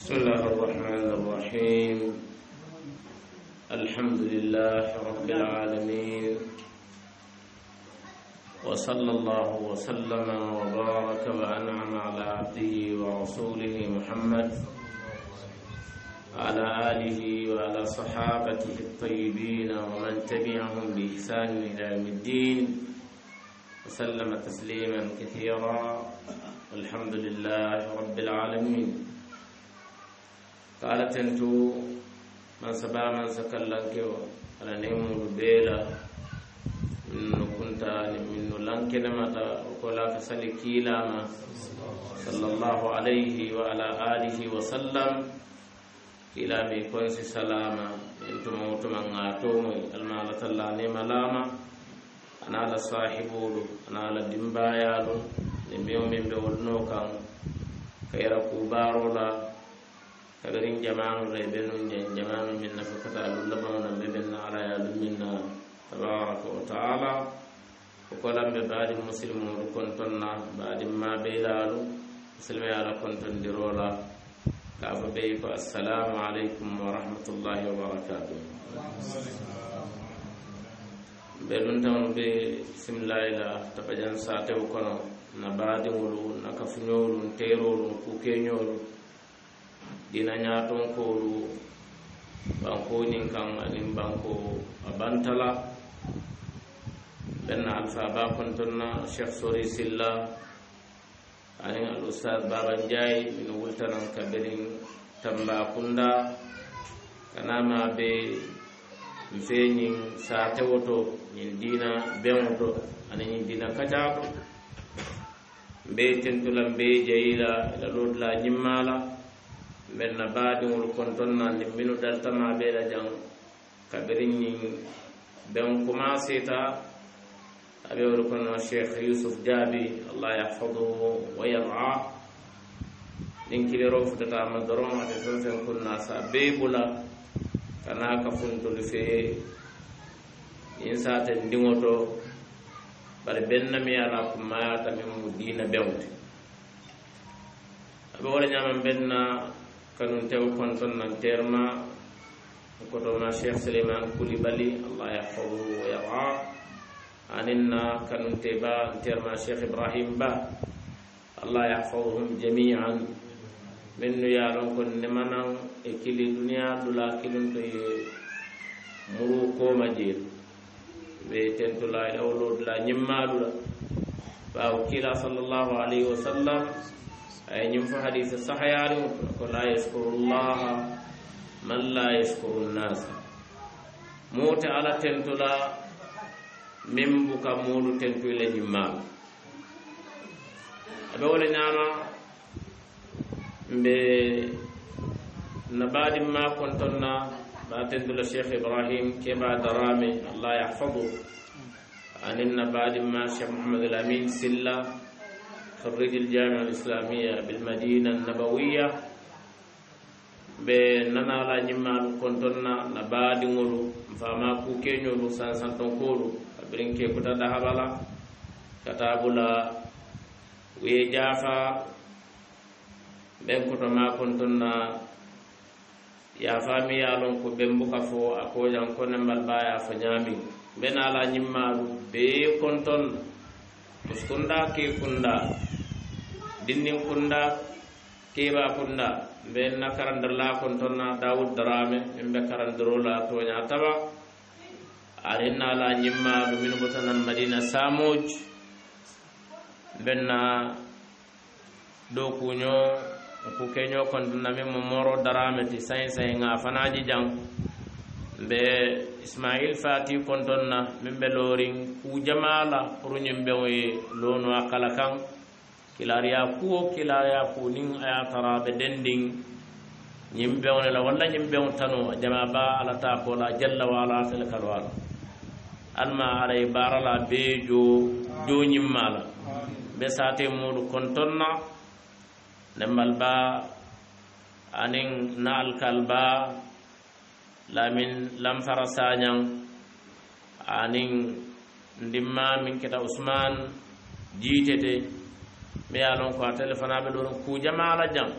بسم الله الرحمن الرحيم الحمد لله رب العالمين وصلى الله وسلم وبارك وانعم على عبده ورسوله محمد وعلى اله وعلى صحابته الطيبين ومن تبعهم باحسان الى يوم الدين وسلم تسليما كثيرا الحمد لله رب العالمين قالت انت من سبا من لك على نيم بيلا من كنت من لنك نمتا وكلا كسل كيلاما صلى الله عليه وعلى آله وسلم كلا بيكون سلاما انتم موتم انغاتوم المالة الله نيم لاما أنا لصاحبو أنا على ɓembeo min ɓe wonno kan ka yara kubarola kagarin jamanura ɓe nunde jamanu min na fakata lullabamana ɓe ɓen naalaya lumminna tabaraka wa taala okolamɓe baadin musilmuru kontonna baadin ma ɓeylaalu musilma yala kontondirola kafa ɓey ko assalamu aleykum wa rahmatullahi wa barakatu ɓe ɗum tan ɓe simlayla taɓa jan satew kono na baadiŋolu na kafuñolu teerolu kukeñolu dina ñatonkolu bankoñiŋ kaŋ aniŋ banko a bantala ben na alfa ba konton na chekh sori silla aniŋ al ustad baban diay min wultanaŋ kabiriŋ tamba kunda kana ma be nfe ñiŋ saate woto ñiŋ dina beŋo to aniŋ ñiŋ dina kacaato mbe tentula mbe jeyila ela lotula ñimmala mbel na baadiŋol kontonna ndin minu daltama be la jaŋ kabiriñin ben kumasita abe wol kono cheikh yusuf jaabi allah yahfaduhu wa yarha ɗin kiliro futatama doron ate fenfen kunna sa beybula kana ka funtol fe insaten ndiŋoto bare bennami ala ko mayata min mo dina bewde aɓe wora ñaman benna kanum tew kon ton nan terma kotoma cheikh souleymane koulibaly allah yahfahu wa yara aninna kanunte ba terma cheikh ibrahim ba allah yahfahuhum jamian min nu yaron kon nemanan e kili duniya dula kilin to ye muru koma jeeru ɓe tentula e awloɗula ñimmaɗula ɓawo kiila sallllahu alayhi wa sallam ay ñim fo hadise sahayaɗe o ko la yaskurullaha man la yaskuru nnasa mote ala tentula min buka muɗu tentuyle ñimmaɗu aɓe wole ñama mbe no baɗimma kontonna ما تدل الشيخ إبراهيم كبا درامي الله يحفظه أننا بعد ما الشيخ محمد الأمين سلا خريج الجامعة الإسلامية بالمدينة النبوية بننا لا جمع كنتنا نبادي مولو فما كوكينيو سان سانتون كولو أبرين كي كتا دهبالا كتابلا ويجافا بين كتما كنتنا yafami ya lon ko bembu ka fo a koƴan ko nembal ba yafa ñamin mbena ala ñimmaru be konton puskunda ke kunda dinnin kunda keba kunda mben na karandirla konton na dawud darame imbe karandirola toña taba arinna ala ñimmaru min butanan madina samoj mbenna dokuño ku keño kontuna mi mo moro darame ti sai sai nga fanaji jang be ismail fati kontonna min be lorin ku jamala runyim be o ye lonu akala kan kilariya ku o kilariya ku nin aya tara be dendin nyim be o la walla nyim be o tanu jama ba ala ta ko la jalla wala sel kalwal alma ara barala be jo jo nyim mala be sate mulu kontonna nemmal ba aniŋ naal kal ba lamin lamfara sañaŋ aniŋ ndimma min keta usman jiitete mi ye loŋ ko a téléphone a be ɗoon kujama ala jaŋ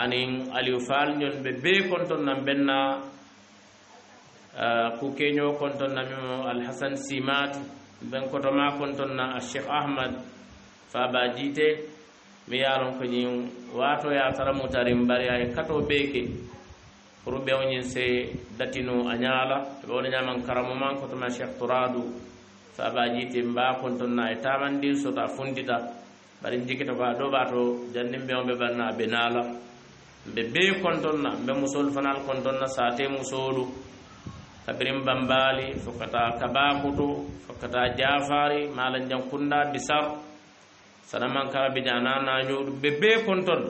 aniŋ aliyu faal ñon ɓe bee konton nan ɓen na ku keñoo konton na mimo alhasan simat ɓen kotoma konton na a cheikh ahmad faba jiitee mi yaron ko ñin wato ya taramutarin bariya e kato beke pour ɓew ñin se datino a ñala ɓe wona ñaman karamo man ko tuma cheikh touradou faba jiite mba kontonna e tamandin sota fundita bari jikkita ko a ɗoɓato jannin ɓew ɓe banna ɓe naala mɓe be kontonna mɓe musolu fanal kontonna sate musolu kabirin bambali fokkata kabakuto fokkata jafari malan jan kunda bisar sanamankaɓe jana najowɗu ɓe be kontol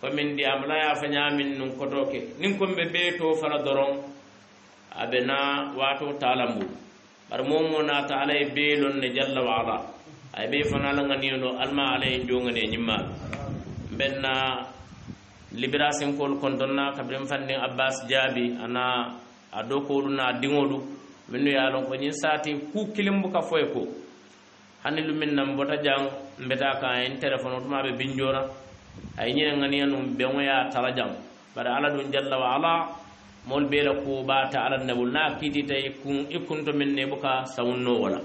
komin ndi am layafa ñamin num kotoke nin komɓe be to fala doron aɓe na wato talambu ɓar momo nata alaye beelonne jalla wala ay ɓe fanalaganino alma alaye jogane ñimmaɓe mbenna libération kol kontonna kabrin fanni abbas jaabi ana a dokolu na diŋolu minno yalon ko ñin sati ku kilimbu ka foye ko hanni lumin nan bota jang mbeta ka en telephone o tuma be binjora ay nyen ngani anum be ngoya tala jang bada ala dun jalla wa ala mol be la ku ba ta ala nabu na kiti tay e kun ikun e to minne buka sawunno wala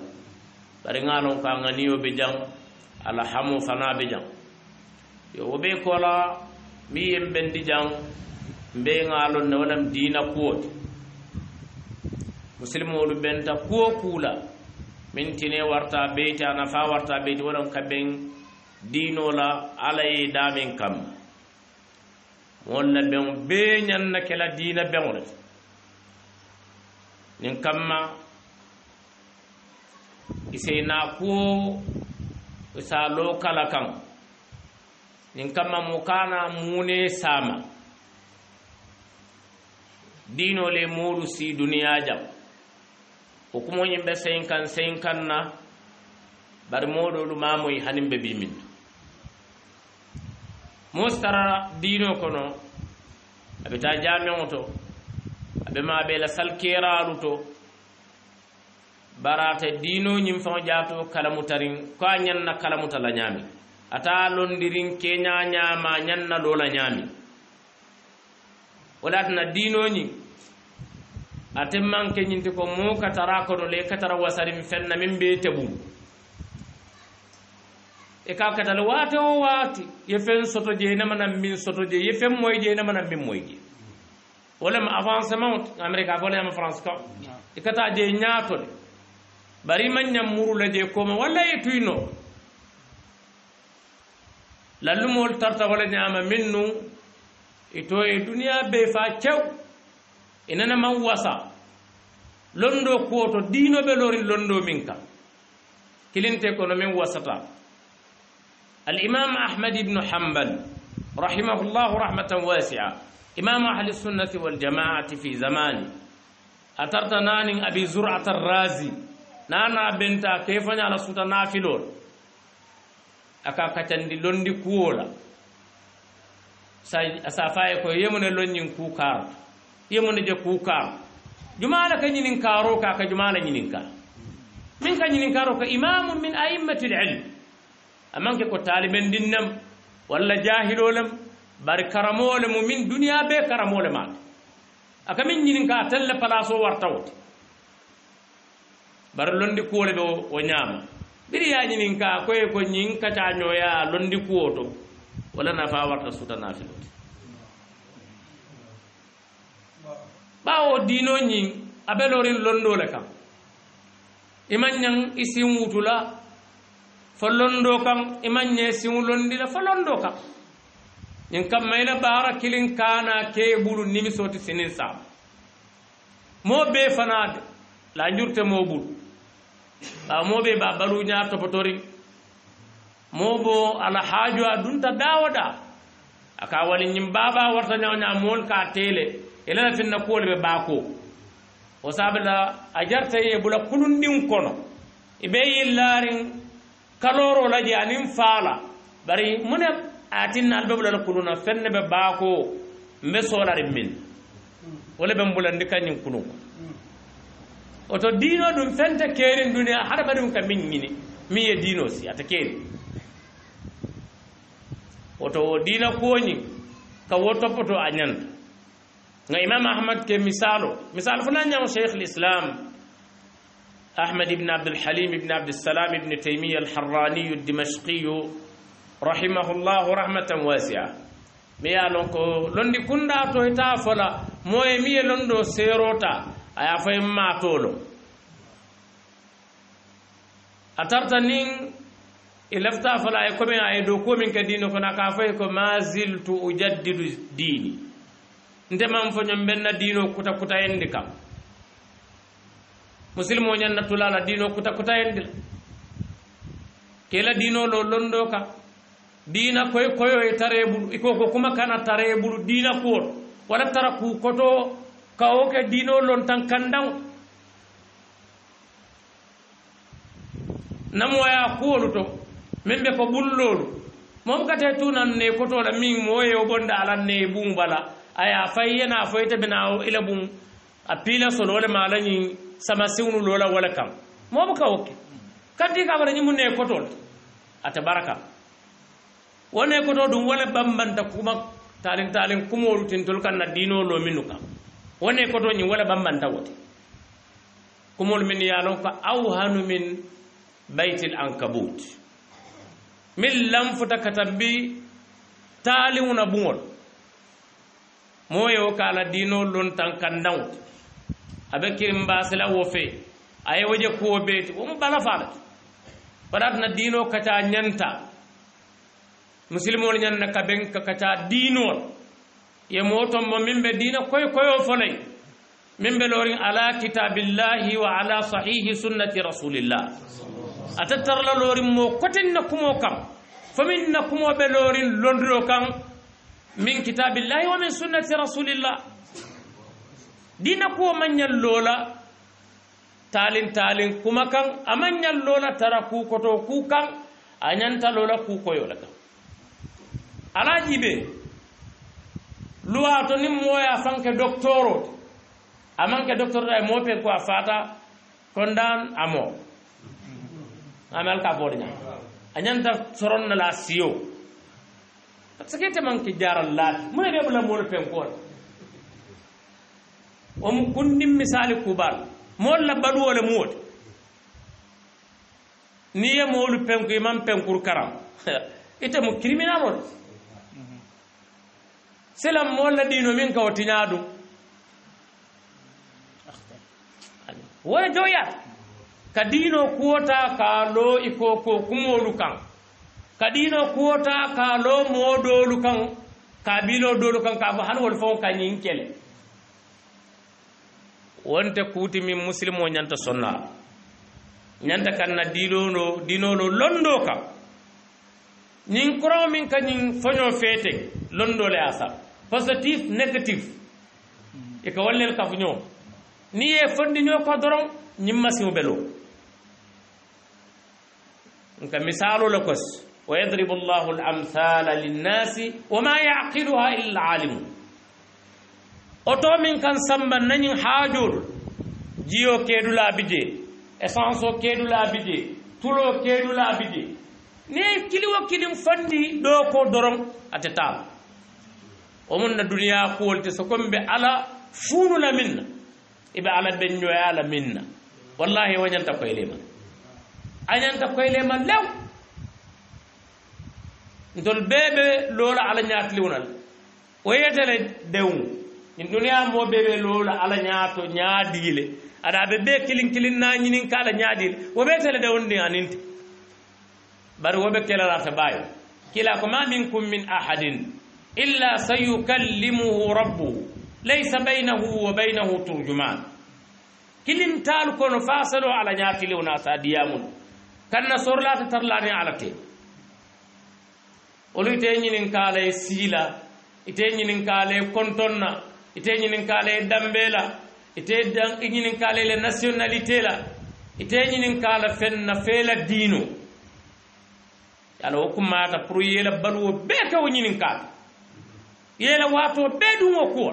bari ngano ka ngani o be jang ala hamu fana be jang yo obe kola mi yem bendi jang be ngalo ne wonam dina kuot muslimo lu benta kuokula kula min tine warta beyti a nafa warta beyti waɗon ka ɓen dinola ala ye damin kam wonna ɓen be ñanna kela dina ɓenore nin kamma isey na kuwo isa lo kala kan nin kamma mu kana mune sama dinole moolu si duniya jam ko kumoñin ɓe seyin kan seyin kan na bari moɗolu mamoyi hanin ɓe bimin du mo sara dino kono aɓe ta jameo to aɓe ma ɓeela sal keralu to barata dinoñin fan jato kalamutarin ko a ñanna kalamuta la ñami ata londirin keña ñama ñanna lola ñami wolatana dinoñin ate manke ñinti ko mu katara kono le katara wasarim fenna min be tebum e ka katale waate o waati ye fen soto je nama nan min soto je ye fen moye je nama nan min moye je wo lem avancement américa ko lema france ka i e kata je ñaato de bari man ñam murula je koma walla ye tuyno lallumol tarta wala ñama min nu ito e, e duniya be fa cew inana man wasa londo kuwoto dino ɓe lorin londo minka kan kilinte kono min wasata al'imam ahmad ibn hanbal rahimahullah rahmatan wasia imam ahli sunnati waljama'ati fi zamani a tarta nanin abi zur'at arrazi nana benta kefañala suta nafilol aka kacandi londi kuwola sa faye koye yemune loñin ku yemune je kukaam jumala ka ñinin karo ka ka jumala ñinin ka min ka ñinin karo ka imamun min aimmati amman ke ko taliben dinnam walla jahilolam bari karamole mu min duniya be karamole ma aka min ñinin ka talla place o wartawote bari londi kuwole do o ñaama biri ya ñinin ka e ko ta nyoya londi kuwo to walla nafa warta sutana fi ɓawo dino ñin abe lorin londo le kan ima ñang i sin wutula fo londo kan ima ñe sin londila fo londo kan ñin kamma ina bara kilin kana ke ɓulu nimisoti sinin sam mo be fanade la jurte mo ɓul ɓawa mo ɓe ba baluña topotorin mo bo ala haajo a dunta dawoda aka wali ñin baba warta ñaw ña mool ka teele ilana finna kuwole ɓe ɓaako o saabila a jartayi e bula kulundin kono ɓe yillarin kalooro laje anin faala bari mune atinna alɓe ɓulala kuluna fenne ɓe ɓaako mbe soolarin min wole ɓen bulandi kañin kulun oto diino ɗum fente keerin duniya haɗa ɓaɗum ka min ñini min ye diino si ata keeri oto o diina kuwoñin ka wo toppoto a ñanta نا امام احمد کے مثالو مثال فنان جاؤں شیخ الاسلام احمد ابن عبد الحلیم ابن عبد السلام ابن تیمی الحرانی الدمشقی رحمه اللہ رحمتا واسیا میا لنکو لنڈی کندا تو ہتا فلا موئے میا لنڈو سیروتا آیا فہم ما تولو اترتا نین الافتا فلا اکومن آئے دوکومن کا دینو کنا کافے کو ما زلتو اجدد دینی ndeman fo ñom ɓenna diino kuta kutayendi kam musilimo ñanna tulala diino kuta kutayendi la kela diinolo londo ka diina koye koyo e tare bulu iko ko kuma kana tare bulu diina kuwol wara tara ku koto kawo ke diino lon tan kandaŋo namoya kuwolu to min ɓe ko ɓullolu mom kate tunan ne kotola min moye o bonde alanne bumbala aya fay yena foyta binawo ila bum a pila solole mala ni sama siwnu lola wala kam mom ka wokki kadi ka wala ni munne kotol ata baraka wone koto dum wala bambanta kuma talin talin kuma rutin tulkan na dino lo minu kam wone koto ni wala bambanta wote kuma min ya lon ka aw hanu min baitil ankabut min lam futa katambi talin na bungol moyo kala dino lon tan kandaw abe kirim basila wo fe aye waje ko beti o mo bala fala barat na dino kata nyanta muslimol nyanna ka ben ka kata dino ye motom mo mimbe dina koy koyo folay mimbe lorin ala kitabillahi wa ala sahihi sunnati rasulillah la lorin mo kotin na kumo kam famin na kumo be lorin londro kam min kitabillahi wa min sunnati rasulillah dina kuwo mayal lola talin talin kuma kan a mayal lola tara kukoto ku kan a yanta lola kukoyola kan alaji be luwato nin moya fanke doctoro a manke doctor ta mope ko a fata kondan amo amalka bodña a ñanta soronna la siyo sakete manke jaral laal mune rebu lamolu penkol om kundim misali kubal mol la baɗuwole muwote ni ye molu penku iman penkur karam ite mo criminalode silam mol la ɗino min kawo tiña ɗum wona joyata ka dino kuwota ka lo iko ko kumolu kan kadino kuota ka lo moo doolu kaŋ ka bino doolu kaŋ ka fo hani wol faŋo ka ñiŋ kele wonte kuuti miŋ musilimo ñanta sonna ñanta kanna dinolo dinolo londo kaŋ ñiŋ kuraŋo miŋ ka ñiŋ foño feete londo le ye a sa positif négatif i e ka wol lelu kafuño niŋ ye fondiño ka doroŋ ñiŋ masiŋo be lo nka misalo le kosi wa yadribu llahu lamhala linnasi wama yaqiluha illa alimu oto min kan samba nañin haajol jiyo keedu laabide essence o keedu laabide tulo keedu laabide ne kiliwo kilim fandi ɗo ko doron ate taal omon na duniya kuwolte so comme ɓe ala fuunula minna eɓe ala ɓe ñoyala minna wallahi wañanta koyele man añanta koyele man lew ntol bebe lola ala nyaat liwnal wayetele dewu in duniya mo bebe lola ala nyaato nyaadile ada be be kilin kilin na nyinin kala nyaadile wo be tele dewu ndi aninti bari wo be kela la tabayo kila ko ma minkum min ahadin illa sayukallimuhu rabbuhu laysa baynahu wa baynahu turjuman kilim tal kono fasalo ala nyaati liwna sa diyamun kanna sorlata tarlani ala te olu ite ñininkaala ye siila ite ñininkaala ye konton na ite ñininkaala ye dambe la ite ñininkaala ye le nationalité la ite ñininkaala feŋ na fee la diino yala wo kumaata pour ye la baluwo bee ke wo ñininkaala ye la waatoo bee duŋ wo kuwo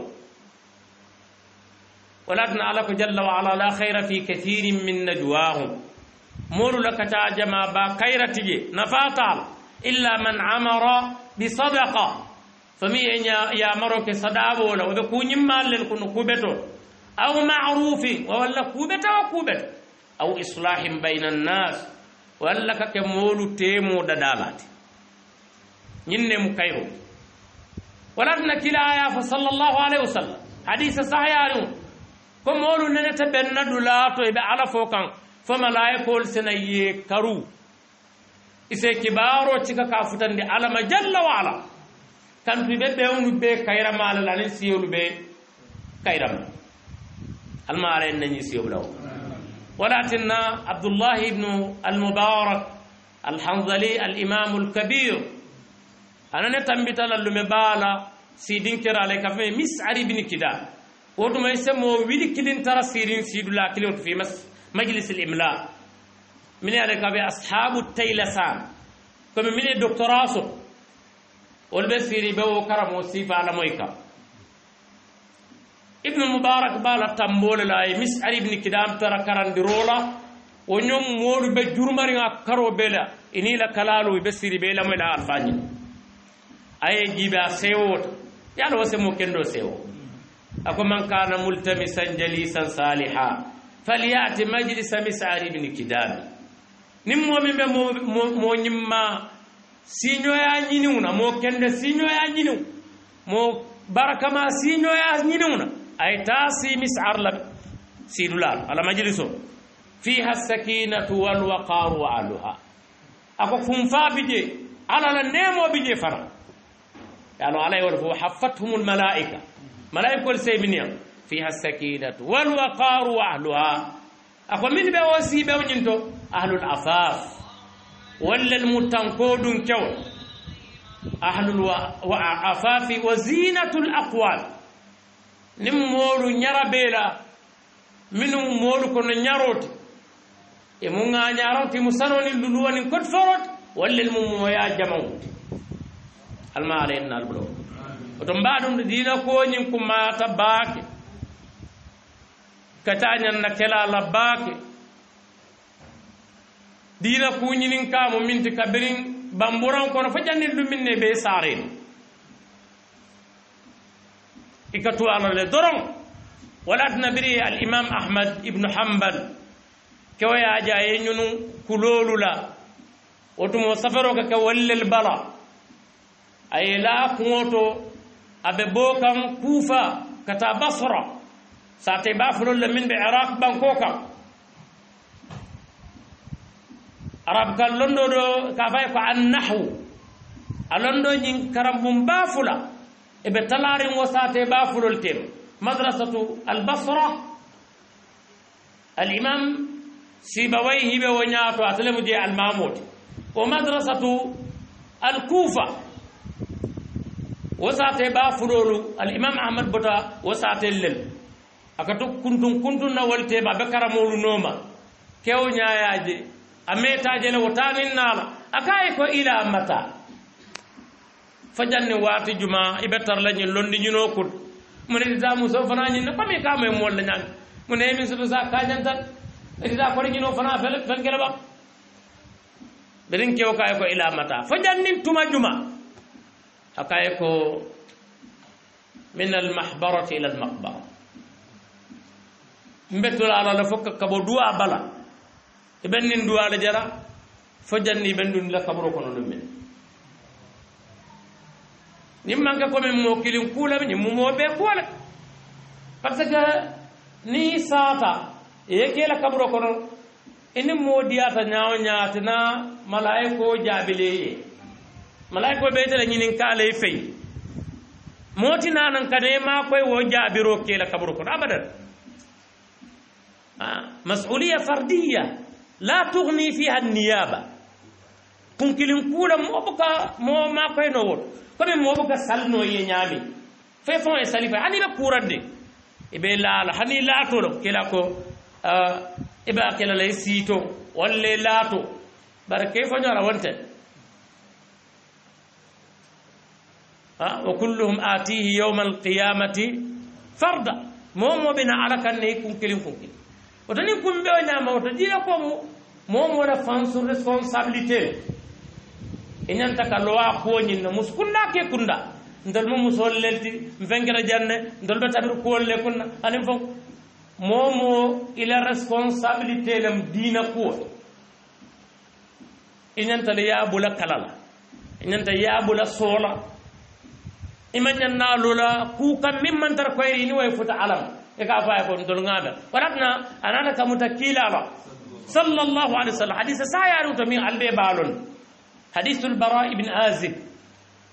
walatina ala ko jalla wa ala la hayra fi kathirin min najuwahum moolu la kata jama baa kayra tije nafaa taala إلا من عمر بصدقة فمي إن يا مرك صدابه ولا وذا كوني مال أو معروف ولا كوبت أو كوبت أو إصلاح بين الناس ولا كمولو تيمو دادابات ينني مكيرو ولدنا كلا آية فصلى الله عليه وسلم حديث صحيح عليهم كمولو ننتبه ندولاتو إبا على فوقان فما لا يقول سنيه ise kibaro cika ka futandi alama jalla wa ala kantu ɓe ɓewnu ɓe kayrama alal anin siyolu ɓe kayram alma ala en nañi siyobla o walatinna abdoullahi ibnu almubarak alhanzali alimamu alkabir anane tambitalallume baala sidinkirale kafe misari bini kida wotuma ise mo wiɗi kilintara sirin sidula kilioto fi majlis l imla min ade ka be ashabu taylasan komi min e doctorat so wol ɓe fiiri ɓe wo karamo sifa alamoy ka ibnu moubarak bala tambole la e mis ari ibni kidam tara karandi rola wo ñom moolu ɓe jurmariga karo bela inila kalalo ɓe siri ɓe lamoy la alfaji aye jiibe a sewota yaala wo semo kendo sewo a ko man kana multamisan jalisan saliha faliyati majlisa mis ari ibni kidami nin moo min be moo ñimma siñoya ñiniw na moo kende siñoya ñiniw moo barakama siñoya ñiniw na ay taa si misar la siidulaalu ala majliso fiha sakinatu walwaqaru wa ahluha ako funfa bi je ala la nemo bi je fana yano alay wala fo haffathum almalaika malaikol seyminiya fiha sakinatu walwaqaru wa ahluha ako min ɓe o siɓewƴinto ahlul asas wallel muttankoɗum kewol ahlul wa asafi wa zinatul aqwal nin moolu ñara beela min moolu kono ñarote emu gañarawti mu sanoni luluwani kot forot wallel mu moya jamawte alma alayennalɓuɗo oto mbaɗum ɗo dina koñin kumata baake كتاني لا لباك دينا كونينين كامو منت كبرين بامبوران كون فجاني لومين نبي سارين إكتو أنا لدرون ولا تنبري الإمام أحمد ابن حنبل كوي أجاين ينو كلولو لا وتمو سفرو كوالي البلا أي لا كونتو أبي بوكم كوفا كتا ساتي بافرول لمن بعراق بانكوكا عرب قال لندو دو كافاي ان نحو الندو نين كرم بوم بافلا ابي تلاري مو ساتي مدرسه البصره الامام سيبويه بونياتو اسلم دي المامود ومدرسه الكوفه وساتي بافلو الامام احمد بوتا وساتي لل akato kuntun kuntun na walte ba be karamolu noma kew ñayaje a metaje le wotanin nala akaye ko ila mata fajanni waati juma ibe tarla ñin londi ñino kut mune ita muso fana ñin ne komi kamo e molle ñani mune e min sutu sa kañantan e ita kori ñino fana fel fel gele ɓam ɓedin kew kaye ko ila mata fajannin tuma juma akaye ko min almahbarati ila almahbara mbettula ala la fof kabo duwa bala e ɓennin duwala jara fo janni ɓendunila kaboro kono ɗummen nin manque komin mo kilin kuulam ñin mumoɓe kuule par ce que ni sata e ye kela kaboro kono ini moodiyata ñawo ñaatina malaye ko jaabile ye malaye ko ɓeytele ñinin kaale e fey mootinanan kane ma koye wo jaabiro kela kaboro kono abadan آه. مسؤولية فردية لا تغني فيها النيابة كن كلين كولا موبكا مو ما كاي نور كوبي موبكا سالنو يي نيامي في فون اي سالي فاني با كوران دي ايبي لا لا هاني لا تولو كيلا كو آه. ا ايبي اكيلا لاي سيتو ولا لا تو بركي فون يارا وانت ها آه. وكلهم اتيه يوم القيامه فردا مو مو بنا على كان كون كلين كون كلين otoni kumbe o ñama oto jiya komu mom wona fan sur responsabilité enanta ka lowa koñinno mus kunda ke kunda ndolmo musol lelti fenkira janne ndolɗo tabir kuolle kunna anin fo momo ila responsabilité lem dina kuwo enanta le yabula kalala enanta yabula soola imañannalola e kuka mimmantar koyri ni way futa alama يكافى يكون دون غابة ولكن أنا أنا كمتا كيلا صلى الله عليه وسلم حديث الله روتا من ألبي بالون حديث البراء بن آزب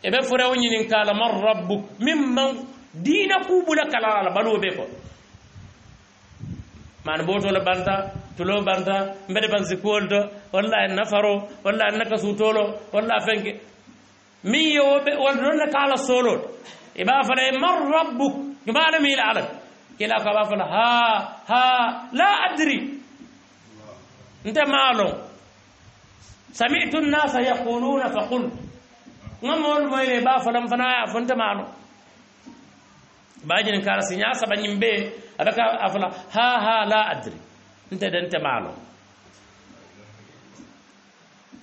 إبن فرعون إن الله من ربك ممن دين قوب لك لا لا بلو بيكو ما نبوتو لبانتا تلو بانتا مبدا بانسي كولتا ولا نفرو ولا نكسو تولو ولا فنك مي يو بي ولا نكالا سولو إبا فرعون من ربك يبقى نميل عليك kila ko ba fola ha ha la adri nte maalon samitu nnasa yaquluna fa qul nga moolu moyle ba folam fana a fo nte maalo baajini kara si ñaa sabañim be avec a fola ha ha la adri nte de nte maalo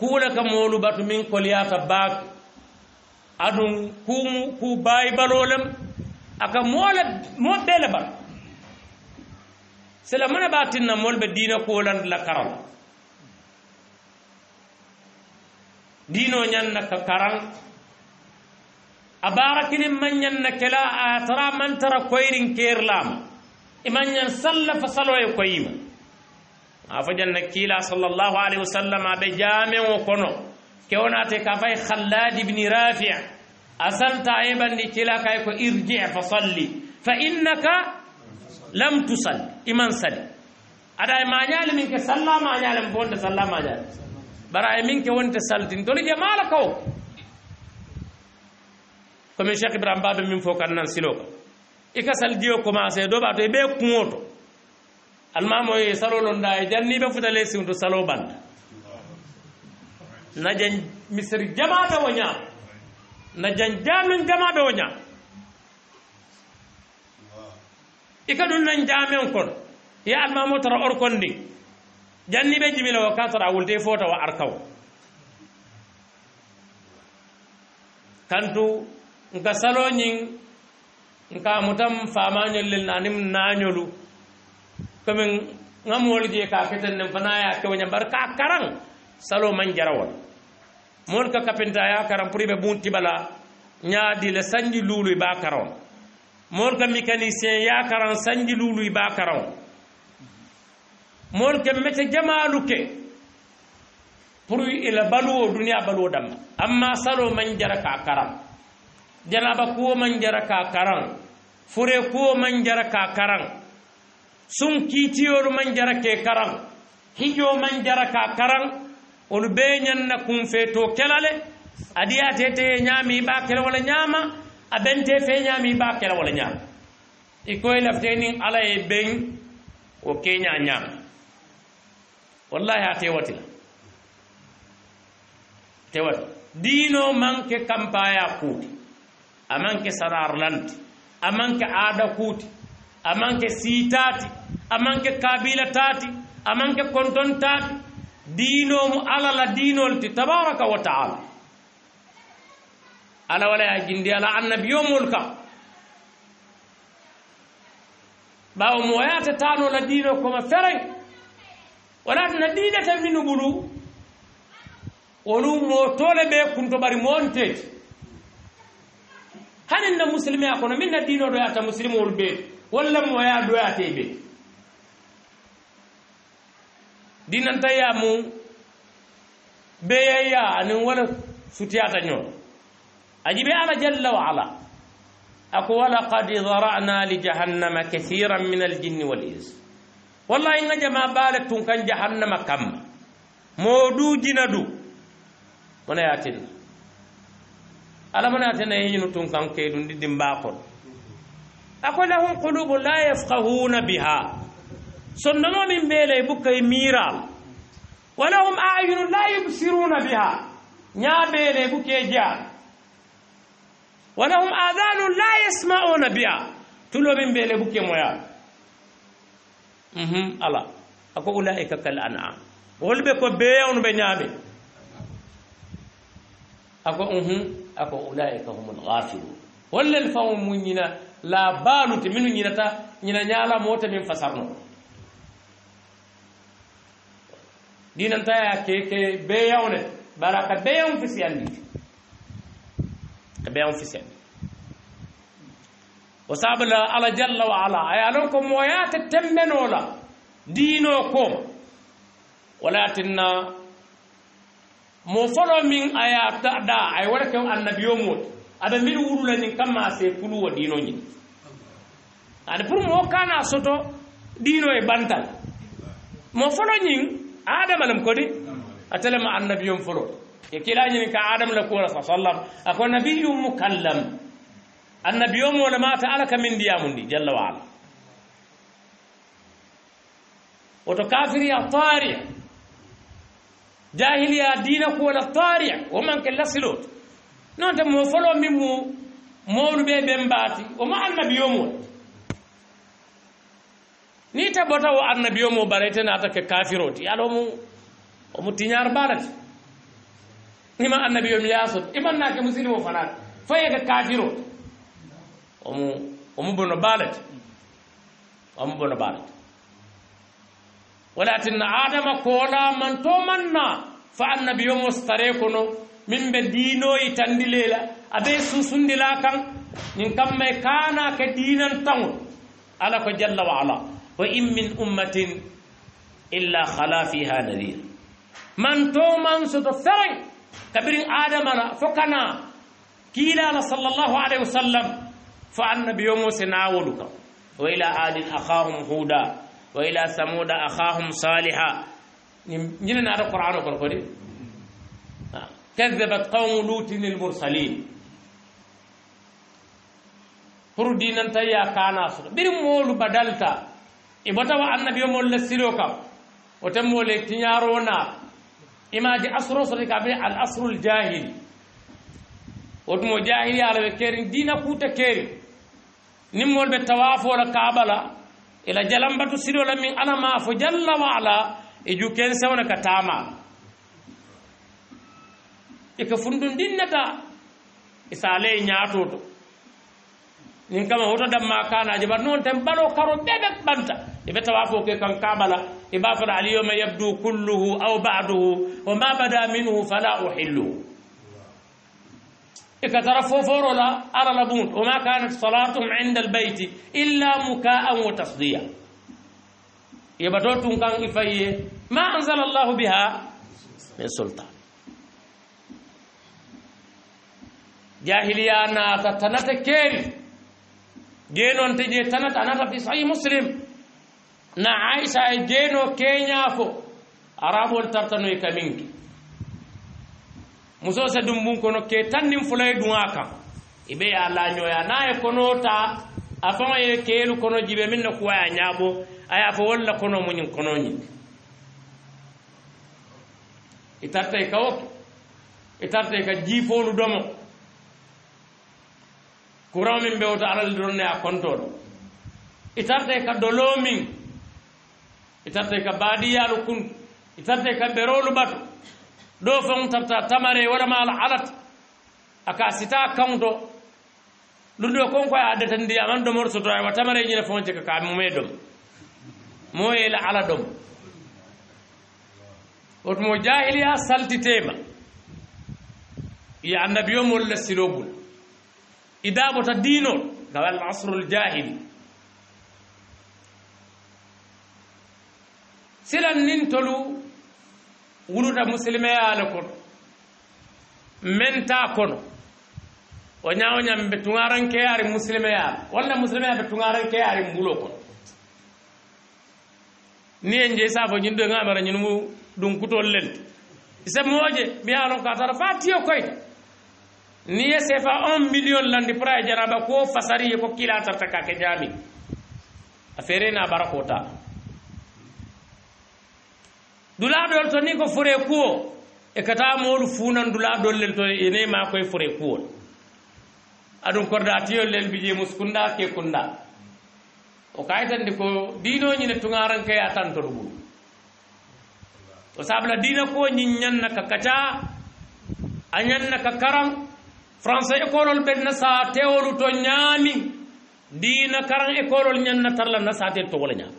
kuule ka moolu batu min koliyata baak adun kumu ku baayi balolem aka moole moo bele bal sela mana ba tinna mol be dina kolan la karam dino ñanna ka karan a barakinin man ñanna kela a tara man tara koyrin kerlama iman ñan salla fa saloye koyima a fo janna kiila sallallahu alayhi wa sallam aɓe jamen o kono kewnate ka fay khallad ibni rafi' asanta ayebandi kila kay ko irji fa salli fa innaka lam tusal iman sali ada e mañali min ke sallama mañali min bonta sallama mañali bara ay min ke wonte saltin toli je maala kawo komin cheikh ibrahim baɓe min fokan nan silo ka i ka sal jiyo commencé do ba to e ɓe al ma moy e salolon ɗa e janniɓe futale sintu salo banda najan misiri jamaɓe wonya ñaam najan jamin jamaɓe wo ñaam ika ɗum nan jamen kon ya almamo tara orkon ndi janni ɓe jibila wo ka tara wulte fota wa arkaw kantu nka saloñin nka mutan famañollel nanim nañolu commin ŋamol je ka keten nen fana ya kewoña bar ka karan salo man jarawol mol ka kapinta ya karan pour ɓe ɓun tibala ñadile sanji luuluy ba karawon mool ka mécanicien yakaran sanji luluy bakaran mool ke mete jamalu ke pour ila baluwo duniya baluwo damma amma salo man jara ka karan janaba kuwo man jara ka karan fure kuwo man jara ka karan sun kiitiyolu man jara ke karan hijo man jara ka karan olu ɓeñanna kunfeto kelale adiyatete ye ñami ɓa kele wala ñama a bente feñami i ba kela wala ñam i koy lafteni ala ye ben wo keña ñam wallahi a tewati la tewati dino manke kampaya kuti a manke sarar lanti a manke ada kuti a manke sitati a manke kabila tati a manke konton tati dino mu alala dinol ti tabaraka wa taala ala wala ya jindi ala annabiyomol kam ɓawo mo wayata tano na diino koma feren walata na diinata minu ɓulu wonum mo tole ɓe kunto ɓari montede hanin na muslimé a kono min na diino ɗoyata muslimol ɓe walla mo waya ɗoyate ɓe dinantayya mum ɓeyayya anin wala sutiyata ñoo أجيب على جل وعلا أقول ولقد ذرعنا لجهنم كثيرا من الجن والإنس والله إن جما بالك تنكن جهنم كم مودو جندو من يأتينا ألا من يأتينا يجن تنكن كيدون دي دمباقون أقول لهم قلوب لا يفقهون بها سنما من بيلي بكي ميرال ولهم أعين لا يبصرون بها نيا بيلي بكي جان ولهم آذان لا يسمعون بها تلو من بيلي بوكي مويا مهم الله أكو أولئك كالأنعام قول بكو بيون بنيامي أكو أهم أكو أولئك هم الغافلون ولا الفهم من لا بالوت من نينا ينالا موت من فسرنا دينا تايا كي كي بيون بركة بيون في سيان ka e ɓen fise o sabla allah jalla wa ala aya non ko moyata temmenola dino kom walatinna mo folo min aya taɗa ay waɗa kew annabi yomoti aɗa mbiɗ wurulanin kamma se kuluwa dinoñin aɗa pour mo kana soto dino e bantal mo folo ñin adama lam kodi a telema annabi yom folo ke kilañini ka adam la kuwola sa sallam ako nabiyu mucallam annabi o mola mata ala ka min ndiyamundi jalla wa ala woto kafiriya taria jahiliya dina kuwola taria o manke lasilot noon te mo folo min mu mawlu ɓe ɓen mbaati omo annabi o mol ni taɓo taw annabi o mo bareyte nata ke kafiroti alamu omo tiñar barati nima annabiyo mi yasot iman nake musilimo fanat fayeke kafiro omu omu bono baalete omu bono baalete walatinna adama koola man to manna fa annabiyo mo stare kono min ɓe diinoyi tandilela abe susundila kan ñin kamma kana ke diinan taŋol ala ko jalla wa ala wa in min ummatin illa hala fiha nadir man to man soto fereŋ كبر آدم أنا فكنا كيلا صلى الله عليه وسلم فأن بيوم سناولك وإلى آد أخاهم هودا وإلى ثمود أخاهم صالحا نين نار القرآن القرآن آه. كذبت قوم لوط المرسلين فردين أنت يا كاناس بيرمول بدلتا إبتوا أن بيوم الله سيروك وتمول تنيارونا imaaji asro sote ka bine al asrul jahili wotumo jahili ala ɓe keerin dina kuuta keeri nimmol ɓe tawafoola kaɓala ila jalambatu sirola min ana maafo jalla waala e ju ken sewna ka tamal eko fundu dinnata e sa ley ñaatoto نين كما هو تدم ما كان أجبر نون تنبلو كرو بيبك بنتا يبتا وافوك كان كابلا يبافر علي ما يبدو كله أو بعده وما بدا منه فلا أحله إكترى فوفور لا أرى لبون وما كانت صلاتهم عند البيت إلا مكاء وتصديا يبتوتون كان إفايه ما أنزل الله بها من سلطان جاهليانا تتنتكيري geenon teje tanata anata fi sahih muslim na aicha e geeno keñaako arabol tartanoye kaminke muso se dum bum kono ke tannin fulaye duŋa kan i be ye a lañoya na ye kono ta a faŋo ye keelu kono jibe min ne kuwaya ñabo a ye a fo wolla kono muñin kono ñin i tarta i ka wo i tarta i ka jiifoolu domo courant min mbewta alal dironde a contoɗo itarde ka dolo min itarde ka baadiyalu kundu itarde ka berolu ɓatu ɗo fon tarta tamare walamala alat aka sita kawto ɗumɗo konko a addata ndiyam an domoto soto awa tamare ñine fon cika ka mume dom moyela ala ɗom wotomo jahiliya saltitema ya annabi yo mol la silo ɓula idaɓota dinol gawa al asrul jahili silan nin tolu wuluta musilméyala kono menta kono o ñawoñam ɓe tugarankeyari musilméyala walla musilméya ɓe tugarankeyari mbulo kono ni en jeyi safo ñin ɗo gamara ñinmu ɗum kutol lelti isemoje mbiya lon ka tara fa tiyo koyta ni ye sefa 1 million landi pourra ye janaba ko fasari ye ko kila sarta ka ke jami a fere na bara ko ta dula do to ni ko fure ko e kata molu funan dula do lel to e ne ma ko fure ko adun korda tiyo lel biji muskunda ke kunda o kaitan de ko dino ni ne tungaran ke ya tan to bu o sabla dina ko nyinnan ka kata anyan ka karam français école ɓe nasa tewolu to ñaami dina karan école ol ñan natarla nasate to wala ñaami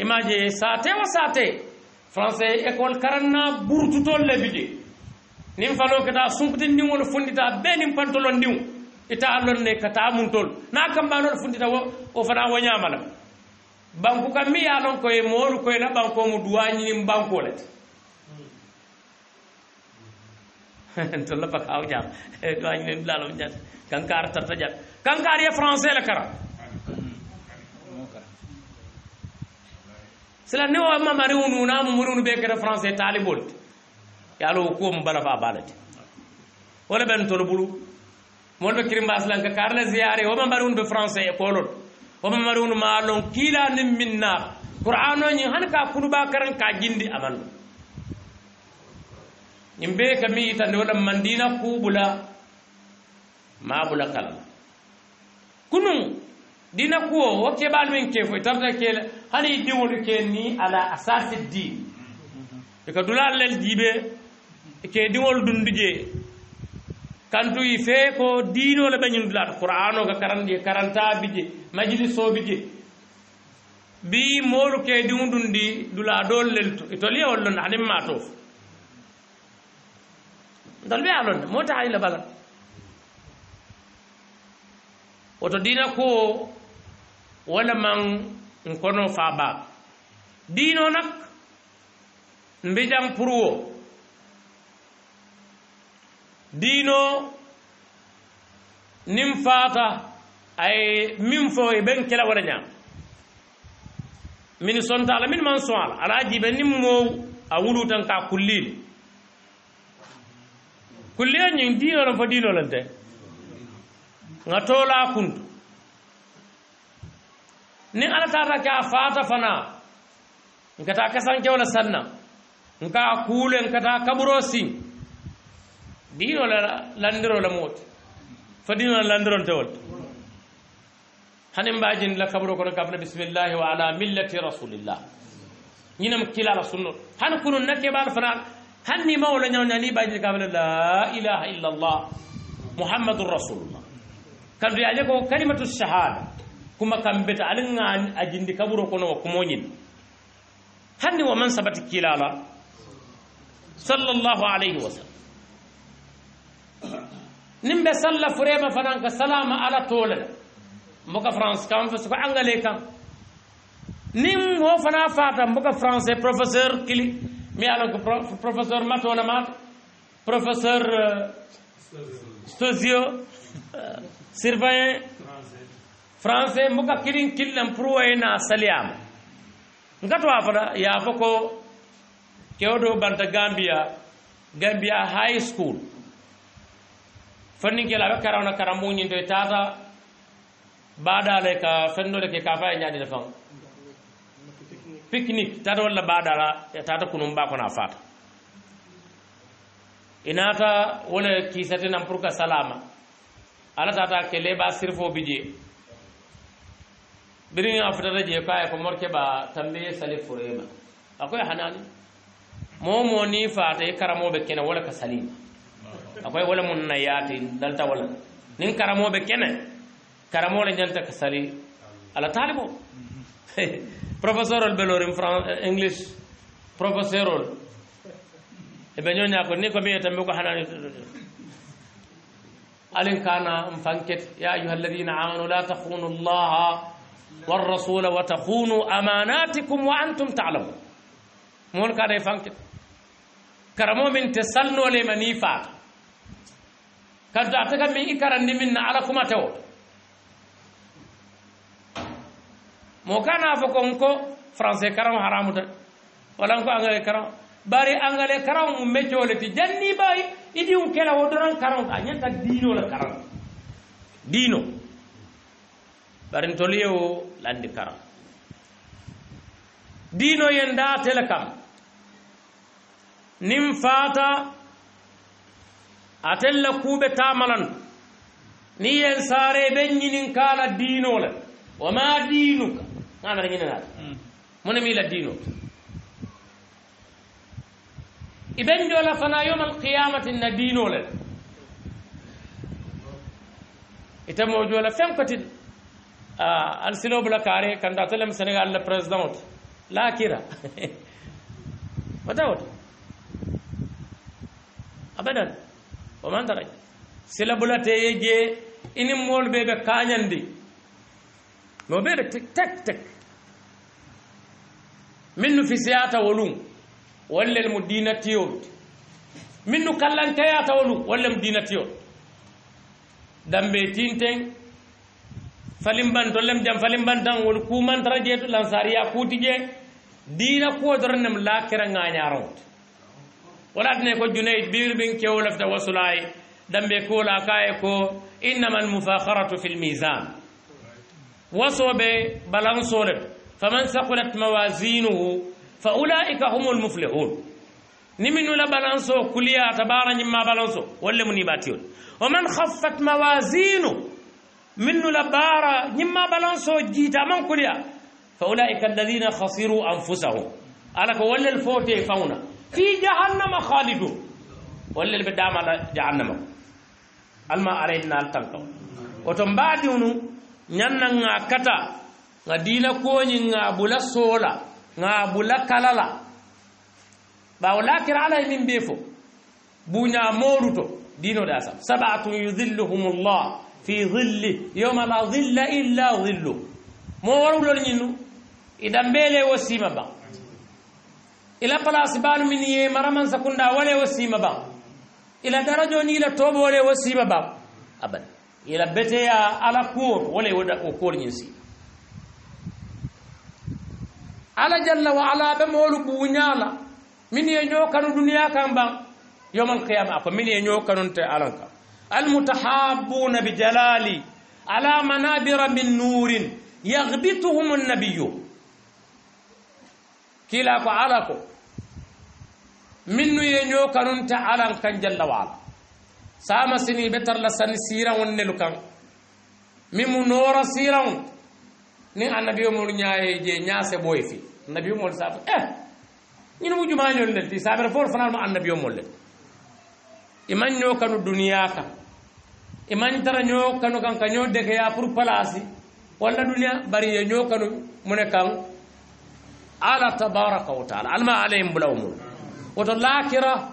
image sate wa sate français école karanna ɓurtutol lebide nin fano kata sunkutindiol fundita ɓe nin pantolo ndiw ita lonne kata muntol na kambanol fundita o fana wo ñamala banque kam mi yalon koye molu koyena banque mo duwañinin banque o lete tolla pa aw jam do any men lalo nyat kankar tarta jat kankar ye français la kara sila ne wa ma mari wonu na mu murunu be kara français talibol ya lo ko mu bala fa balati wala ben tolo bulu mon be kirim lan ka la ziyare wa ma mari wonu be français ko lol wa ma mari wonu ma lon kila nim minna qur'ano ni han ka kunuba karan ka jindi amanu in be ka mi yitande wala mandina kubula mabula kala kunun dina kuwo wo keɓal min ke fo tarta kele hani diwolu ken ni ala asasi din eka dulallel jiɓe e ke diwol dundije kantuyi fe ko diinole ɓañindulat qur'an oga karanɗi e karanta bije majlis obi je bi molu ke diwu ɗum ndi dula dol lel e to e toliya wallo nanimma toof ndol ɓe alonde mota hayla balan woto dina ko wala man nkono fa ba diino nak mbijan purwo diino nin fata ay min fo e ɓen kela wala ñaam min sonta la min man son ala ala jiɓe nin mow a wulu tan ka kulliyoñiŋ diino loŋ fo diino loŋ te ŋa toola kuntu niŋ alla taata ke a faata fana nka taa kasankewo le sanna nka a kuule nka taa kaburoo siŋ diino le landiro le moo ti fo diino le landironte wo le hanin mbaa jindi la kaburoo kono kabna bisimillahi wa ala millati rasulillah ñinem kila la sunnoto hani kunu nakkee baa le fanaa hanni mawla ñawna li baydil kabala la ilaha illa allah muhammadur rasulullah kandu yaje ko kalimatu shahada kuma kambeta alinga ajindi kaburo kono wa kumonyin hanni wa man sabati kilala sallallahu alayhi wa sallam nimbe salla furema fananka salama ala tolala mboka france kam fe suko angale kam nim wo fana fata mboka français professeur kili mi alors que prof, professeur math wona maata professeur euh, Sylvain, uh, français mbuka kilin killan pour wayna e saliyama ngatowa fata yaafo ko kewɗo banta gambia gambia high school fanninkela ɓe karawna karambuñinto e tata baɗale ka fennole ke ka fa e ñaɗine picnique tata walla baɗala tata kunum ɓa kona fata inata wole kisate nan pour que salama ala tata kele ba sirfo bidie birini a futata je kaye ko morke ba tambe sali furema akoye hanani momo ni fata ye karamoɓe kene wole ka salima akoye wole mun na yaati dalta wala nin karamoɓe kene karamole ñanta ka sali ala talibo professorol ɓe lorin english professeurol eɓe ñoña ko ni ko mbiye tan mi ko hanani alin kana m fanket ya ayuha alladina amanu la tahunu llaha والرسول وتخونوا أماناتكم وأنتم تعلمون مول كاري فانكت كرمو من تسلنو لمنيفات كانت أعتقد من إكرا من على كما توت mo kana fo kon ko français karaw haramuta walan ko engalais karaw bari engalais karaw mu meccole ti janni bayi idiu kela wo doran karaw ka ñanta dino la karaw dino bari n toli yewo landi karaw dino yen da tele kam nin fata aten la kuɓe tamalan ni yen sare ɓen ñinin kala dino le wama dinuka amara ñinenaaɗo hmm. mono mi laddino iɓen jola fana yoma alqiyamati na dinolen itamo jola fenkotin an silo bula kare kanda tolem sénégal le président ote lakira wata wata abadan omantaray sila bula teye je inin molɓeɓe kañandi mo ɓeɓe tek tek minnu fisiyata wolum wallel mu diinatiyol minnu kallankeyata wolum walle mu diinatiyol dambe tinten falimbantollem jam falimbantan wol kumantara jeetu lansariya kuuti je diina kuwotoron nem laakira ŋañaroŋote wala tine ko junayid biir bin kewol kewolafta wasulaye dambe kuwola kaye ko innama almufakharatu fi lmisan waso be balansole فمن ثقلت موازينه فاولئك هم المفلحون نمن لا بالانسو كليا تبارا ما بالانسو ولا منيباتيون ومن خفت موازينه من لبارا نما بالانسو جيتا من كليا فاولئك الذين خسروا انفسهم على ولا الفوتي فاونا في جهنم خالدون ولا البدام على جهنم الما علينا التنقل وتم بعد ينن كتا nga diina koñin nga bula soola, nga bula kalala ɓawo ala alay min bee fo buña moruto dino da sam sabatun yudilluhum llah fi dhilli yawma la dhilla illa dhillu mo warawlol nu idan mbele wo sima ban ila place baalu min ye maraman sakunda wale wo sima ban ila darajo ni ila toɓo wole wo sima ban aban ila beteya ala kuor wole wo kuor ñin sima ala jalla wa ala be moolu buuñaala min ye ñoo kanu duniya kan ban yowmal qiyama ako min ye ñoo kanunte alan kan almutahabuna bi jalali ala manabira min nuurin yahbituhum nnabiyu kiila ko ala ko minnu ye ñoo kanunte alan kan jalla wa ala sama sini be tarla sani siiraŋol nelu kan min ni annabi o mol ñaaye je ñaase ɓoy fi annabi o mol saafa e eh, ñin mu jumañol lel ti saabere fof fanalma annabi o mol lel iman ñoo kanu duniya kan iman tara ñoo kanu kan ka ñoo dekeyaa pour palasi walla duniya bari ye ñoo kanu ne kan ala tabaraka wa taala alma alayhim bulaw mul woto laakira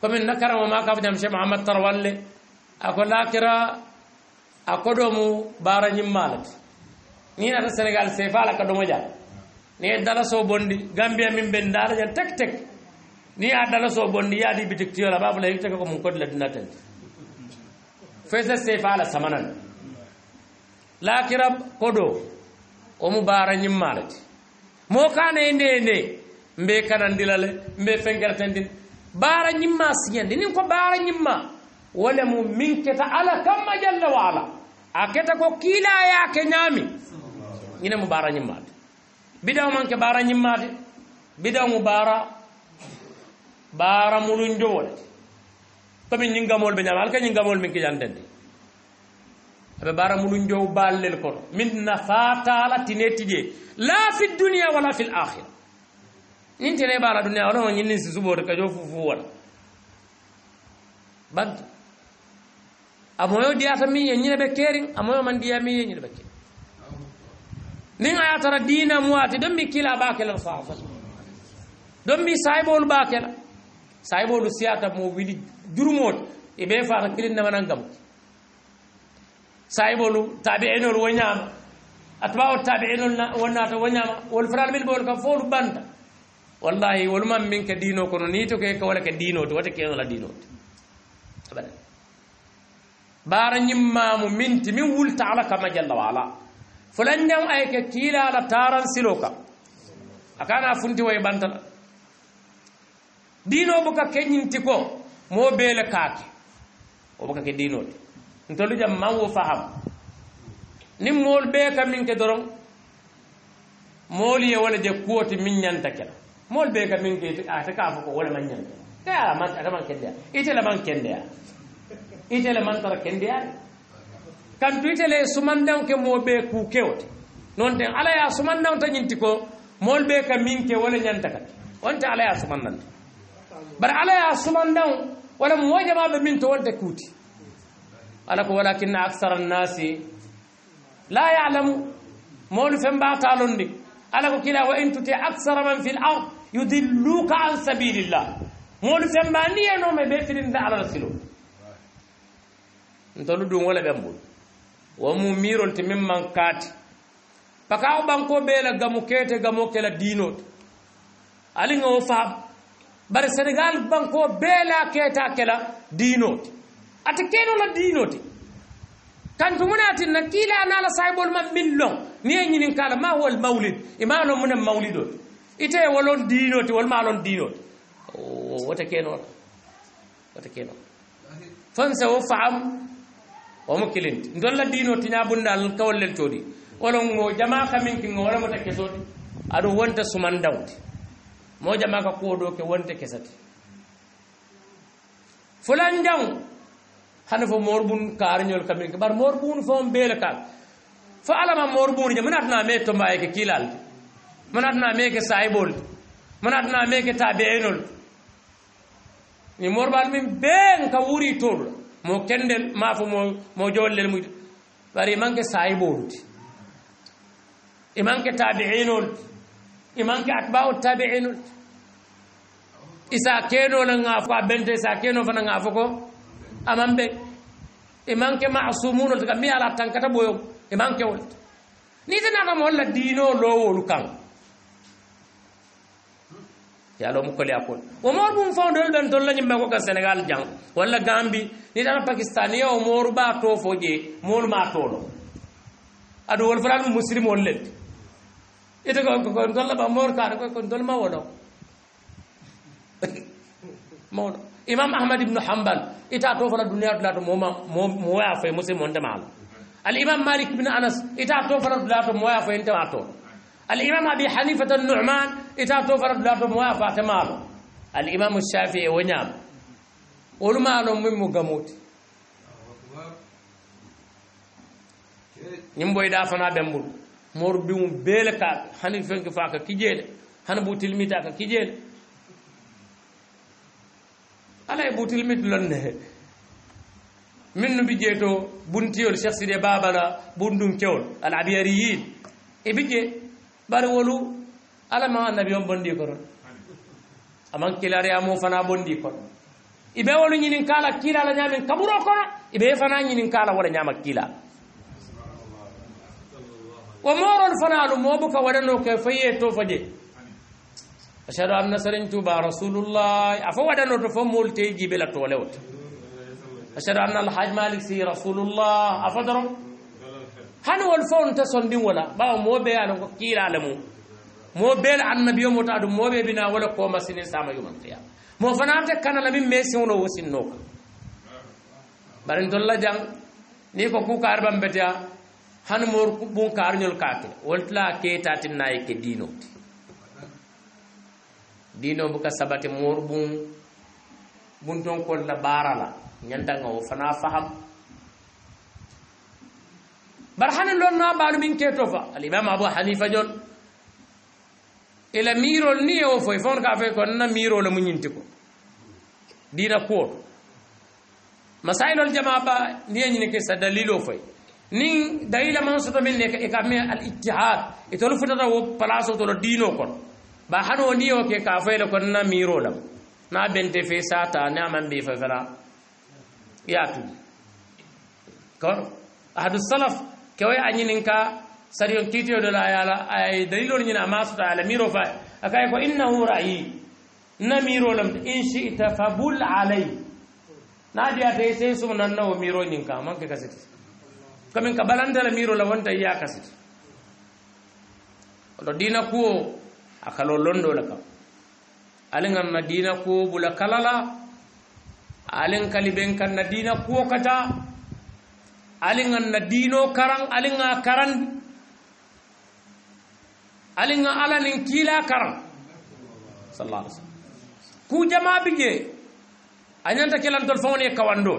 komin na karamo ma kafa jam cheikh mouhamad tarwalle ako laakira a koɗomu baara ñimmalati ninata sénégal sefala ka domoja ni e dalaso bondi gambia min ɓen daraja tek tek ni a dalaso bondi yaadi bitik tiyola babula yitaka ko mum kodle duna ten fesa sefala samanan lakirab kodo omu bara ñimmalati mo kane nde nde mbe kanandilale mbe fenkere tendin bara ñimma siyande nin ko bara ñimma wolemu min keta ala kamma jalla wa ala a keta ko kiilaya ke ñami ñine mu bara ñimmaate bidaw man ke bara ñimmaate bidaw mu bara bara mulun jowole komin ñingamol ɓe ñama halka ñingamol min kijantende aɓe bara mulun jow ballel kono min nafatala tine tije la fi dunia wala fi l akhira ñin tene bara dunia ono ñinnin si suɓote kajo fufu wala banti amoyo diyata min ye ñine ɓe keerin amoyo man diya min ye ñine ɓe keerin nin a yatara dina muwati don mi kila bakela fafa don mi saibolu bakela saibolu siyata mo wili jurumot e be fa kirin nama nan gam saibolu tabi enol wonyama atba o tabi enol na wonnata wonyama wol fral mil bol ka folu banda wallahi wol mam min ka dino kono ni to ke ka wala ka dino to wata ke wala dino to bara nyimma mu minti min wulta ala kama jalla wala fulanñam ayke kiilaala taaran silo ka a kana funti woye ɓantala diino boka keñinti ko mo beele kaake o boka ke diinote ntolu jam ah, man wo faham nin mool ɓee ka min ke doron moolu ye wala je kuwoti min ñanta ke la mool ɓee ka min keate ka fo ko wala man ñanta ka ala man kendeya itela man kendeya itela man tara kendeyaade kantu itele sumandaŋo ke moo bee kuu kewte noon ten ala ye a sumandaŋo ta ko moolu bee ka miŋ ke wo le ñanta kati wonte ala sumandante bari ala ye a sumandaŋo wala moo jamaa be miŋ to wonte kuuti ala ko walakinna aksara annasi la yalamu moolu taa baa taalondi ala ko kila wa in tuti aksara man fi l ard yudilluka an sabilillah moolu feŋ baa niŋ ye nooma be firinta ala la siloo ntolu duŋ wo le ɓen bulu wo mu miirol ti miŋ maŋ kaati paka wo banko bee la gamu keete gamo ke la diinoo to ali ŋa wo faamu bari senegal banko bee la keeta ke la diinoo ti ate keno la diinoo ti kantumunaatin na kiila a la saayibol maŋ miŋ loŋ niŋ ye ñininkaa la wol mawlid i maa loŋ mu ne mawlidoo ti ite ye wolon diinoo ti wolu maa loŋ diinoo oh, ti wote kenoo la wote kenoo la fonse wo faamu omo kilinti dolla dino tiñabundal kawollel todi olon o jama kamin kin wala mota kesodi aɗo wonta suman dawde mo jama ka kuwoɗo ke wonte kesati fulan jaw hano fo morbun karñol kamin ke bar morbun fo beele kal fo alama morbunje manatna me to mbayeke kilalde manatna meke sayibolde manatna meke tabe enolde ni morbal min ben ka wuri toɗula mo kendel maafo mo mo jollel mu bari manke sahiboolude e manke tabiinolde e manke e atbao tabiinolde isa kenolagaafo a bente sa keno fanagaafo ko aman ɓe e manke masumunolde kam mi ala tan kata ɓoyom e manke wolde ni tanatamo holla diino lowolu kanko yalo mu koli apol ya wo mor bum fondol dan tolla nyi mbako ka senegal jang wala gambi ni dara pakistan ya wo mor ba to foje mor ma to lo adu wol fran muslim wol let ite ko ko dolla ba mor kar ko ko dolma wodo mor imam ahmad ibn hanbal ita to fara dunya dunya to moma mo wa ya fe muslim on demal al imam malik ibn anas ita to fara dunya to moya fe inta to الإمام أبي حنيفة النعمان إذا فرد لا تموافا تمام الإمام الشافعي ونعم ولما لهم من مقموت نمبوي دافنا مور موردوم بيلكا حنيفة فاكا كجيل حنبو تلميتاكا كجيل ala e ɓutilmit lonne he min no ɓijjee to buntiyol cheikh sidé babala bundum kewol al abiyariyin e bari wolu ala ma annabiyon bondi ron aman kilare amo fana bondi ko ibe wolu nyinin kala kila la nyamin kaburo ko ibe fana nyinin kala wala nyama kila wa morol fana lu mobu ka wadano ke faye to faje ashhadu anna sarin tuba rasulullah afa wadano to fomol teji bela to lewta ashhadu anna alhaj malik si rasulullah afa hani wol fo onta sondin wala ɓawa moɓe ala ko kiilala mum mo bel annabiyo mo taɗum moɓe bina wala ko masini sama yuman fiya mo fanate kanala min me siwno wosinnoka barin dolla jang ni ko kukar bambetea hani mor kuɓɓun karñol kake woltila ketatinnayi ke dino dino buka sabate mor ɓum ɓum ton kolla barala ñandaga o fana faham برهان اللون نوع بعد من كتوفا الإمام أبو حنيفة جون إلى ميرو النية وفوي فون كافي كوننا ميرو لمن ينتكو دينا كور مسائل الجماعة نية نكي سدليل وفوي نين دليل ما نصد من نكا إكامي الاتحاد إتولو فتاة وبلاسو تولو دينو كون برهان ونية وكي كافي لكوننا ميرو لم نا بنت في ساتا نعمن بي ففلا ياتو كور أحد السلف kewoye a ñinin ka sariyon kiitiyo dol ayala ay dalilol ñina ama suta ala miro fa akaye ko innahu rayi na miro lam in shi shi'ta fabul alai. na diyata sai su nan wa miro ñin ka manke kasiti kamin ka balantala miro la wonta iya kasiti oto dina kuwo a kalo londo ka. kam na dina kuwo bula kalala alin kaliben kan na dina kuwo kata alinga na dino karan alinga karan alinga alanin kila karan sallallahu alaihi wasallam ku jama bije anyanta kelantol fawne kawando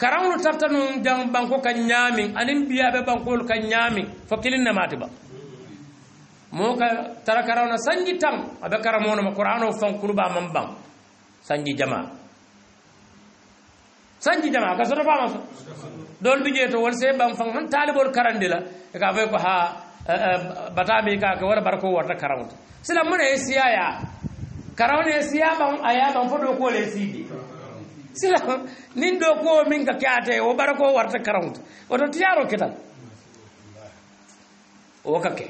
karan lu tartanu jan banko kan ñaamin anin biyaɓe bankolu kan nyami, fo kilinne na ba mo ka tara karawna sanji tan aɓe karamonoma qur'an o fankuluba man ban sanji jama sanji jama ka soto fama so dol bi jeeto wol sai ban fan han talibol karandi la e ka bai ko ha eh, eh, bataɓe ka ko wara barko warta karawta sila mune e siyaya karawne e siya ɓan a yaɓan fo le si bi sila nin ɗo kuwo min ka keate wo ɓara ko warta karawta oto tiyaro ketal o ka ke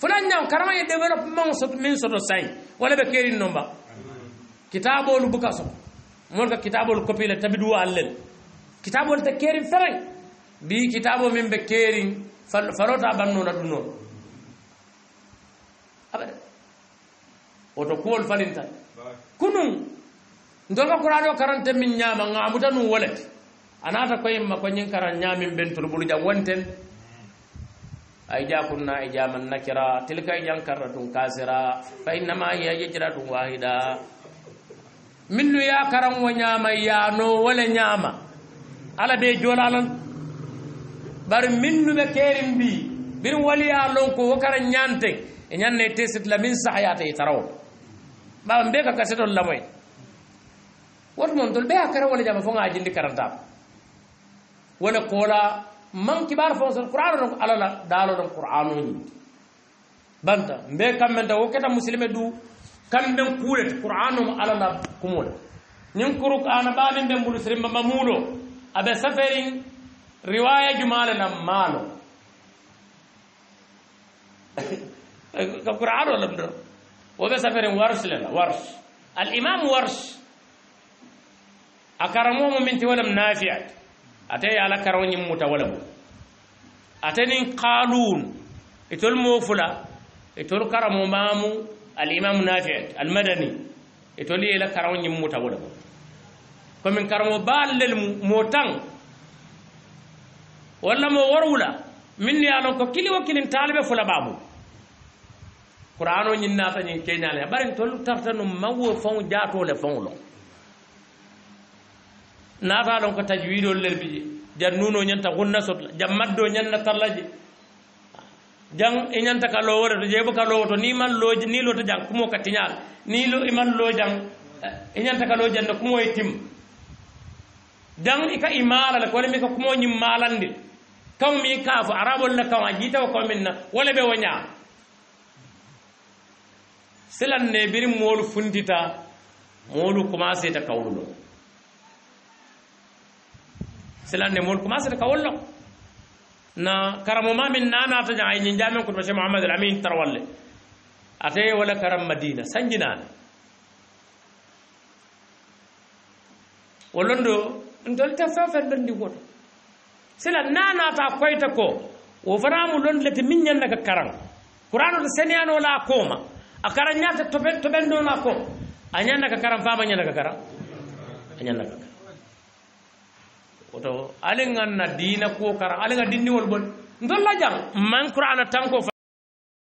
fulan ñaw karama e développement min soto sain wala ɓe kerin nomba kitaɓolu buka soto molka kitabol copile tabiɗu allel kitabol te keerin ferag mbi kitabo min ɓe keerin farota ɓannu na ɗum noon aɓeɗe woto kuwol falinta ko ɗum dolga kuraɗo karante min ñaama ŋamuta num wolet anata koyemma ko ñin karan ñamin ɓen tor ɓolu jam wonten ay jakunna e jaman nakira tilka e jankarra tum kasira fa innama hiya jeccira ɗum wahida minnu ya karan wa ñaama ya wo le ñaama alla be joola lan bari minnu be keeriŋ bi biriŋ waliya lon ko wo karaŋ ñaanteŋ e ñaŋ na ite siti la miŋ sahayaata i e tarawo ba mbe ka kasetol lamoye woto mon tol be a karaŋo le ñaama fo ŋa jindi karanta wo kola man kibar kibaar fo sol qur'ano ɗon alla la daalo ɗon qur'ano ñindi banta mbe kammenta wo keta musilime du kamɓen kuulete qur'ano mo alla la kumula nin qur'ana babin ben bulu sirin ba mamulo abe safarin riwaya jumala na malo ka qur'an la mdo wa be safarin wars la wars al imam wars akaramu muminti wala mnafiat atay ala karawni mutawala atani qalun itul mufula itul karamu mamu al imam nafiat al madani itolu ye la karaŋo ñiŋ muta wo le mu komin karaŋo baalu lelu moo taŋ walla moo worowu la minnu ye a loŋ ko kili wo kiliŋ taalu be fula baa bulu qur'ano ñiŋ naata ñiŋ keeñaa le bari ntolu tarta nu maŋ wo faŋo jaatoo le faŋo loŋ naata loŋ ko tajwidolu lelu bi je jannuno ñanta hunna sotla jammaddoo ñanna tarla je jan i e ñanta ka lowo reto jeebu ka lowo to ni man lo ni lota jang kumo ka tiñal ni lo i man lo jang eh, i ñanta ka lo jande kumoye tim jan i ka i maala le kole mi ka kumo ñim maalandi kaw mi kaafo arabol le kaw a jiitawo kaw min na wole ɓe wo ñaa silan ne biri moolu funtita moolu commencé ta kawlulo silan ne moolu commencé ta kawlulo na karamo ma min nana ta jang ay ninjamen ko bashi muhammad al amin tarwalle ate wala karam madina sanjinana wolondo ndolta fafen ɗon ndi woto sila nanata koyta ko wo fanamu lonlete min ñannaka karan kuranoto seniyanola kooma a karan ñata toɓen ɗona ko a ñannaka karan fama ñannaka karan a ñannaka karan oto alen ganna dina kokara alen ga dinniwol bon dolla jang mankura ana tanko